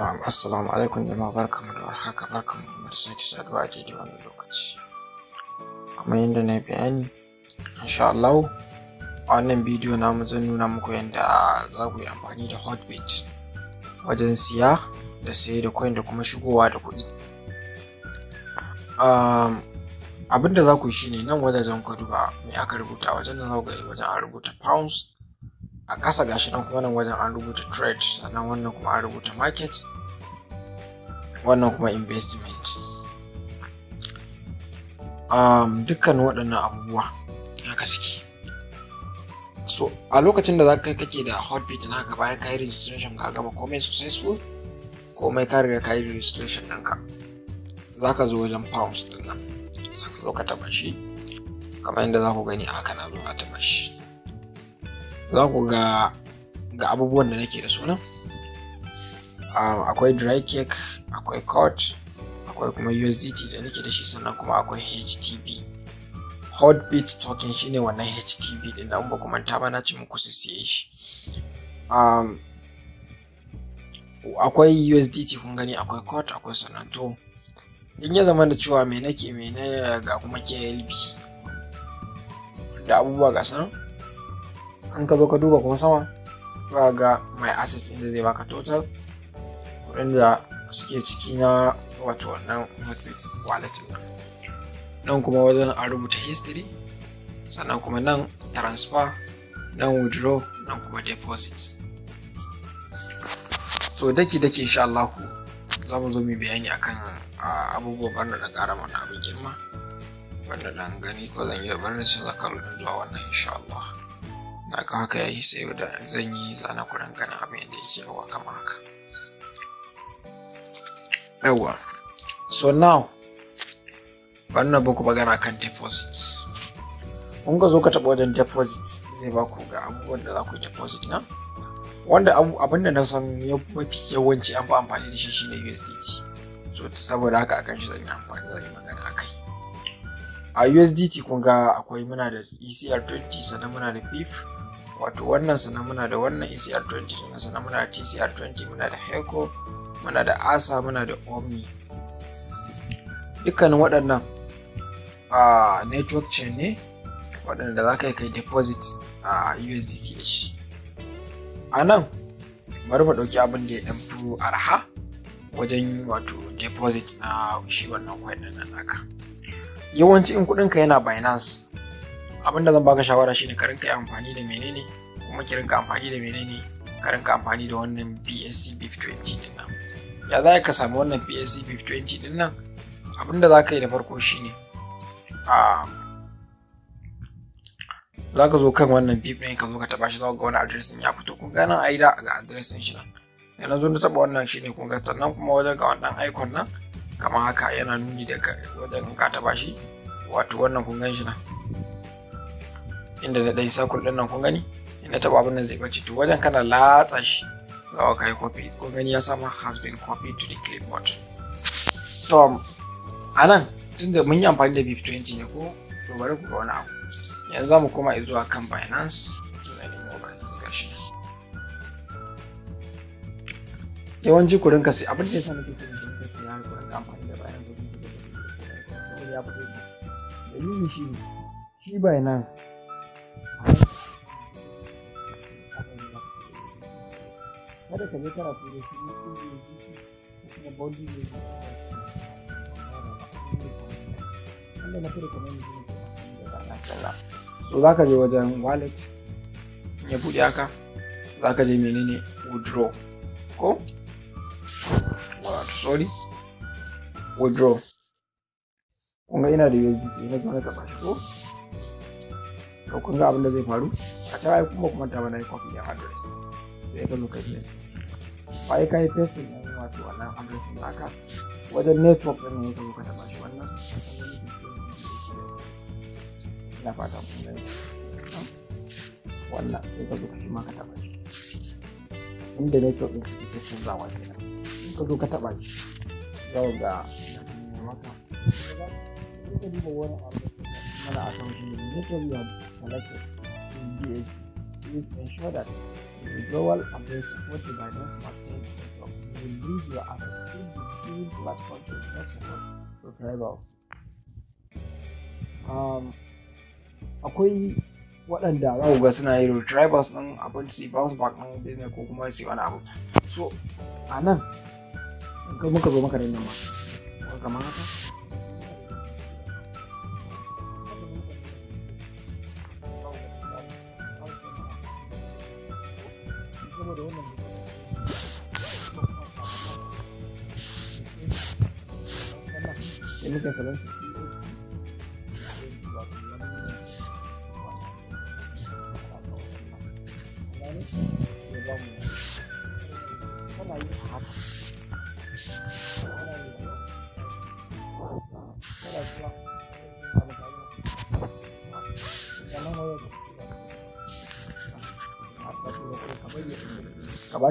Assalamu alaikum jama'a barkamu da warhaka barkamu da sake saduwa a daidai wannan lokaci. Kamar yadda na bayani, insha Allah a wannan bidiyo namu zan nuna muku yadda za ku yi amfani da Hotbit wajen siya da saye da coin da kuma shigowa da kuɗi. Abin da za ku yi shine nan wajajen ku duba me aka rubuta wajen da za ku gani wajen a rubuta pounds a kasa gashi nan kuma nan wajen an rubuta trade sannan wannan kuma an rubuta market wannan kuma investment um, dukkan waɗannan abubuwa haka suke so a lokacin da za ka kake da hotbit na ka bayan kayi registration ka gama komai successful mai ka riga kayi registration ɗinka za ka zo wajen pounds ɗin nan za ka zo ka taɓa shi kamar yadda za ku gani a kana zo na taɓa shi za ku ga ga abubuwan da nake da sunan um, akwai dry cake akwai cot akwai kuma usdt da nake da shi sannan kuma akwai htb beat token shine wannan htb din an ba manta ba na ce muku su siye shi um, akwai usdt kun gani akwai cot akwai sannan to in ya zama da cewa me nake me na ga kuma klb da abubuwa ga An ka zo ka duba kuma sama za ga mai assets inda zai baka total da suke ciki na wato wannan hotbit wallet nan kuma wajen a rubuta history sannan kuma nan transfer nan withdraw nan kuma deposit to daki daki insha Allah za mu zo mu bayani akan abubuwa bar na dan ƙara mana abin girma bar dan gani ko zan iya bar sai cin zuwa wannan insha Allah na ga haka yi sai da zan yi zana kuran ganin abin da yake yawa kama haka yawa so now bari na ku magana kan deposit kun ka zo ka taɓa wajen deposit zai ba ku ga abubuwan da za ku yi deposit na wanda abin da na san mafi yawanci an fi amfani da shi shine USDT so saboda haka akan shi zan yi amfani zan yi magana akai a USDT kun ga akwai muna da ECR20 sannan muna da pip wato wannan sannan muna da wannan ecr20 sannan muna da tcr20 muna da heco muna da asa muna da OMI dukkanin waɗannan a network chain ne waɗanda za ka yi kai deposit a usdt da shi a nan bari mu ɗauki abin da ya ɗan fi arha wajen wato deposit na shi wannan kwaɗin nan naka yawanci in kuɗinka yana binance abin da zan baka shawara shine ka rinka amfani da menene kuma ki rinka amfani da menene ka rinka amfani da wannan BSC BIP 20 din nan ya za ka samu wannan BSC BIP 20 din nan abin da za ka yi da farko shine a za ka zo kan wannan BIP ɗin ka zo ka taba shi za ga wani address ya fito kun ga nan ai da ga address shi nan yanzu zo na taba wannan shine kun ga sannan kuma wajen ga wannan icon nan kamar haka yana nuni da wajen ka taba shi wato wannan kun gan shi nan inda na dai sakul ɗin nan kun gani na taɓa abin nan zai ɓace to wajen kana latsa shi ga wa yi copy kun gani ya sama has been copied to the clipboard to a nan tunda mun yi amfani da bip20 ne ko to bari ku ga wani abu yanzu za mu koma zuwa kan binance yawanci ku rinka sai abin da ya sa nake ku rinka sai ku rinka amfani da binance saboda ya fi Da dalilin shi ne shi binance kada ka je kana turanci in kun yi jiki kuma bondi ne ba kuma na fara kamar mutum da kuma so za ka je wajen wallet ya buɗe haka za ka je menene withdraw ko wato sorry withdraw kun ina da jiki, na gane ka bashi ko to kun ga abin da zai faru a can ai kuma kuma ta bana yi kwafi ya yi zai ka lokaci ai ka yi fesin yi wato wannan adres ɗin wajen network ɗin ne yake muka taɓa shi wannan ina fata mun gani wannan sai ka zo ka shi ma ka taɓa shi inda network ɗin suke cikin zawa kenan in ka zo ka taɓa shi yau ga maka ka duba wani abu mana a shi network selected in please ensure that the global address supported by non-smart will lose your between platform to Um, akwai waɗanda za ku ga suna yi retribals ɗin abin su bounce back ɗin business ko kuma su wani abu. So, a nan, ka muka zo maka da nan ba. Kamar haka. muke salon ka ba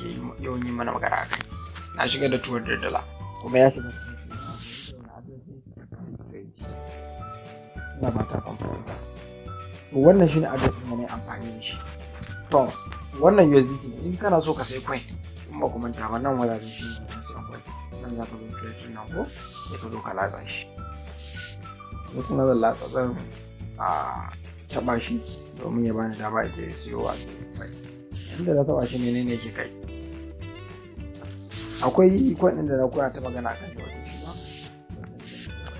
ake yawan yi mana magana a kai na shiga da tuwar da kuma ya shiga na ba ta kamfanta wannan ne adres da ne amfani da shi to wannan USDT ne in kana so ka sai coin in ba kuma ta wannan wazarin shi ne sai coin nan za ka zo trading nan ko ya ka zo ka latsa shi wasu suna zan latsa zan a taɓa shi domin ya bani dama ita ya siyo wa inda ta taɓa shi ne, ne ke kai akwai ikon inda na koya ta magana kan yau da shi ba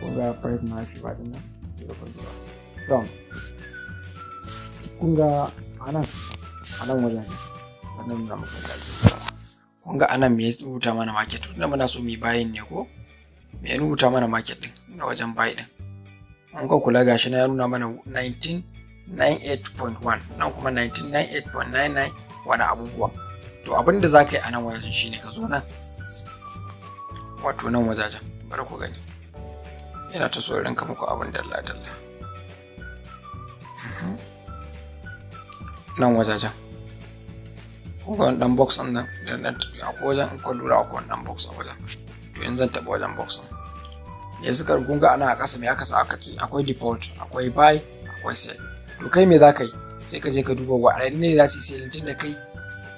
ko ga price na shi ba din nan da don kun ga anan anan wajen anan na muka gaji kun ga anan me ya rubuta mana market da muna so mu bayin ne ko me ya rubuta mana market din na wajen buy din an ka kula gashi na ya nuna mana 19 98.1 nan kuma 99.99 wani abubuwa to abin da za ka yi a nan shi shine ka zo nan wato nan wajajen bari ku gani yana ta so ka muku abin dalla dalla mhm. nan wajajen ko ga wani dan box din nan da na akwai wajen in ka lura akwai wani dan box a wajen to yanzu zan taɓa wajen box din yanzu ka gunga ana a ƙasa me aka sa aka ce akwai default akwai buy akwai sell to kai me za ka yi sai ka je ka duba Wa waɗanne ne za su yi selin tunda kai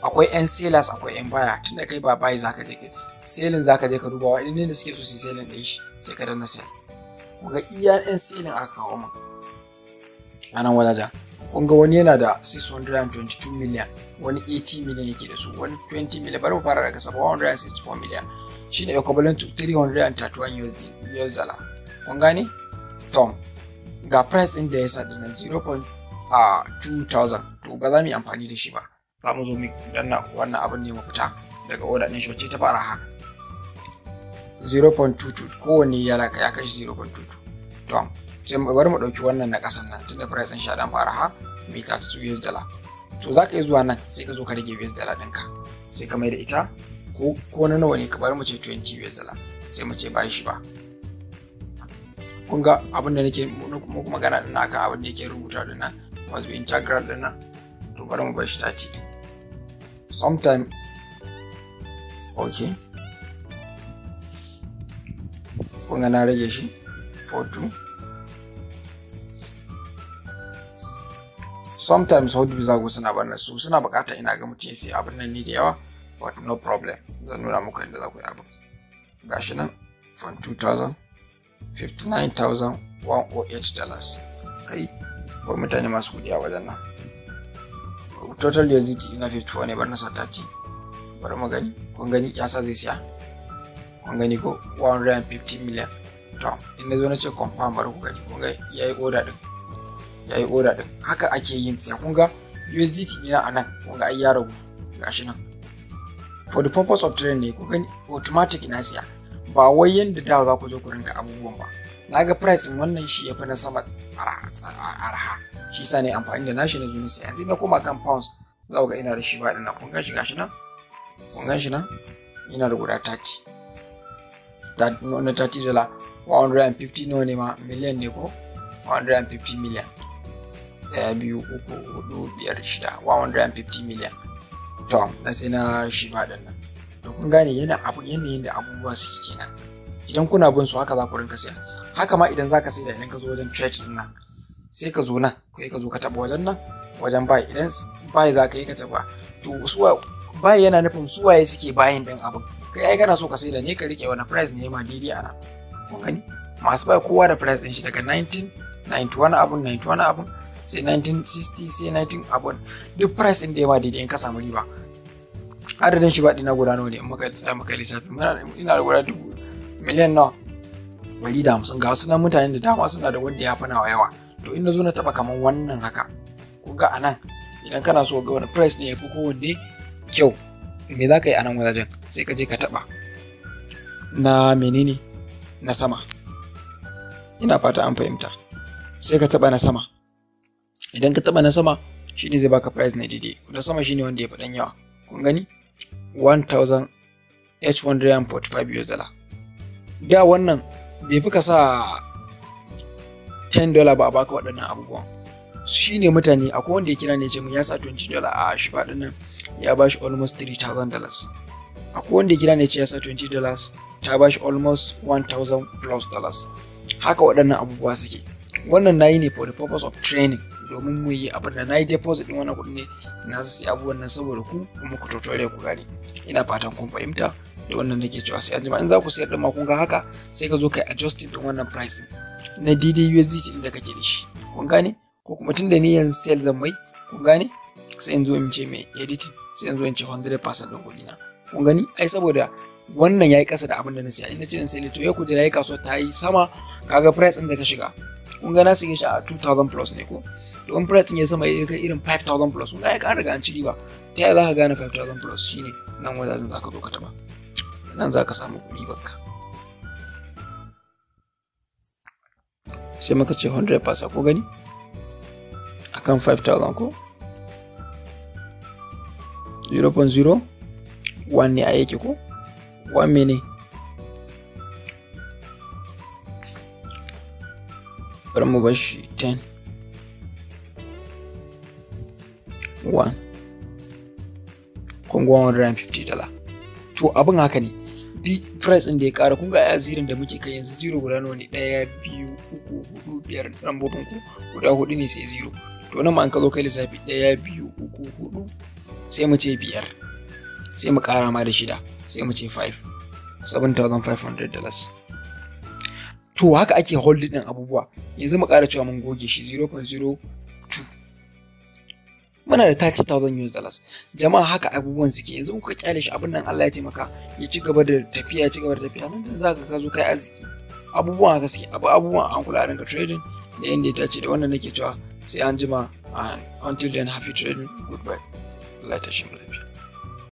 akwai yan sailors akwai yan baya tunda kai ba bayi za ka je selin za ka je ka duba waɗanne ne suke so su selin da shi sai ka danna sell kun ga iya yan selin aka kawo min a nan wadaja kun ga wani yana da 622 million wani 80 million yake da su wani 20 million bari mu fara daga 764 million shine equivalent to 331 USD US dollar kun gane tom ga price ɗin da ya sa dinnan 0.2000 to ba za mu yi amfani da shi ba za mu zo mu danna wannan abin ne mafita fita daga order ɗin shi ta fara ha 0.22 kowanne yana ya kai 0.22 to sai mu bari mu ɗauki wannan na ƙasan nan tunda price ɗin shaɗan fara ha mai ta ta US dala to za ka yi zuwa nan sai ka zo ka rage US dala ɗinka sai ka mai da ita ko na nawa ne ka bari mu ce 20 US dala sai mu ce ba shi ba kun ga abin da nake muku magana din akan abin da yake rubuta da nan must be integral da nan to bari mu bashi ta ci sometime ok kun ga na rage shi 42 sometimes hudu bisa go suna barna su suna bukata ina ga mutum sai abin nan ne da yawa but no problem zan nuna muku inda za ku yi abin gashi nan from 2000 $59,108 kai ko mutane masu kudi a wajen nan total ci ina 51 ne bar na sa 30 bar mu gani kun gani ya sa zai siya kun gani ko 150 million to in na zo na ce confirm bar ku gani kun ga yayi order din yayi order din haka ake yin sai kun ga USDT dina anan kun ga ai ya ragu gashi nan for the purpose of trading ne kun gani automatic na siya ba wai yadda da za ku zo ku rinka abubuwan ba na ga price wannan shi ya fi na sama arha shi sa ne amfani da nashi na zuwa na sai yanzu na koma kan pounds za ku ga ina da shi ba dinnan kun gashi gashi nan kun gashi nan ina da guda 30 na 30 dala 150 nawa ne ma miliyan ne ko 150 miliyan ɗaya biyu uku hudu biyar shida 150 miliyan tom na sai na shi ba dinnan domin gane yana abu yanayin da abubuwa suke kenan idan kuna bin su haka za ku rinka siya haka ma idan za ka sai da idan ka zo wajen church din nan sai ka zo nan kai ka zo ka taba wajen nan wajen bai idan bai za ka yi ka taba to suwa bai yana nufin suwaye suke bayin din abin kai ai kana so ka sai da ne ka rike wani price ne ma daidai ana kun gani masu bai kowa da price din shi daga 1991 abun 91 abun sai 1960 sai 19 abun duk price din da ya ma daidai in ka samu riba adadin shi baɗi na guda nawa ne muka tsaya muka lissafi ina da guda dubu miliyan nawa ɗari da hamsin ga wasu nan mutane da dama suna da wanda ya fi nawa yawa to ina zo na taɓa kaman wannan haka kun ga anan idan kana so ga wani price ne ya fi kowanne kyau me za ka yi anan wajajen sai ka je ka taɓa na menene na sama ina fata an fahimta sai ka taɓa na sama idan ka taɓa na sama shine zai baka price na daidai wanda sama shine wanda ya fi ɗan yawa kun gani 1,845 US dollar. Da wannan bai fi kasa sa 10 dollar ba a baka waɗannan abubuwan. Shi ne mutane akwai wanda ya kira ne ce mun ya sa 20 dollar a shi faɗin nan ya ba shi almost 3,000 dollars. Akwai wanda ya kira ne ce ya sa 20 dollars ta ba shi almost 1,000 plus dollars. Haka waɗannan abubuwa suke. Wannan na yi ne for the purpose of training. domin mu yi abin da na yi deposit din wannan kuɗi ne na sai abubuwan nan saboda ku kuma ku tutorial ku gani. ina fatan kun fahimta da wannan nake cewa sai anjima in za ku sayar da ma kun ga haka sai ka zo kai adjusting ɗin wannan price na daidai USDT ɗin da kake da shi kun gane ko kuma tunda ni yanzu sale zan mai kun gane sai in zo in ce mai editing sai in zo in ce 100% ɗin kuɗi na kun gani ai saboda wannan yayi kasa da abin da na siya ina ce in Sale to ya kujera yayi kasuwa ta yi sama kaga price ɗin da ka shiga kun ga na siye shi a 2000 plus ne ko to in price ya sama ya kai irin 5000 plus kun ga ya riga an ciri ba ta yaya za ka gane 5000 plus shine nan wajen za ka zo ka taba nan za ka samu ribar baka sai maka ce 100 pasa ko gani akan 5000 ko 0.01 ne a yake ko 1 mene bari mu bar shi 10 1 kun 150 dala to abin haka ne di price ɗin da ya ƙara kun ga ya zirin da muke kai yanzu zero guda nawa ne ɗaya biyu uku hudu biyar lambobin ku guda hudu ne sai zero to nan ma an ka zo kai lissafi ɗaya biyu uku hudu sai mu ce biyar sai mu ƙara ma da shida sai mu ce 5 7500 to haka ake holding din abubuwa yanzu mu ƙara cewa mun goge shi 0.02 muna da 30,000 US dollars jama'a haka abubuwan suke yanzu kuka kyale shi abin nan Allah ya taimaka ya ci gaba da tafiya ya ci gaba da tafiya nan da za ka zo kai arziki abubuwan haka suke abu abubuwan an kula ranka trading da inda ya dace da wannan nake cewa sai an jima until then happy trading goodbye Allah ya tashi mu lafiya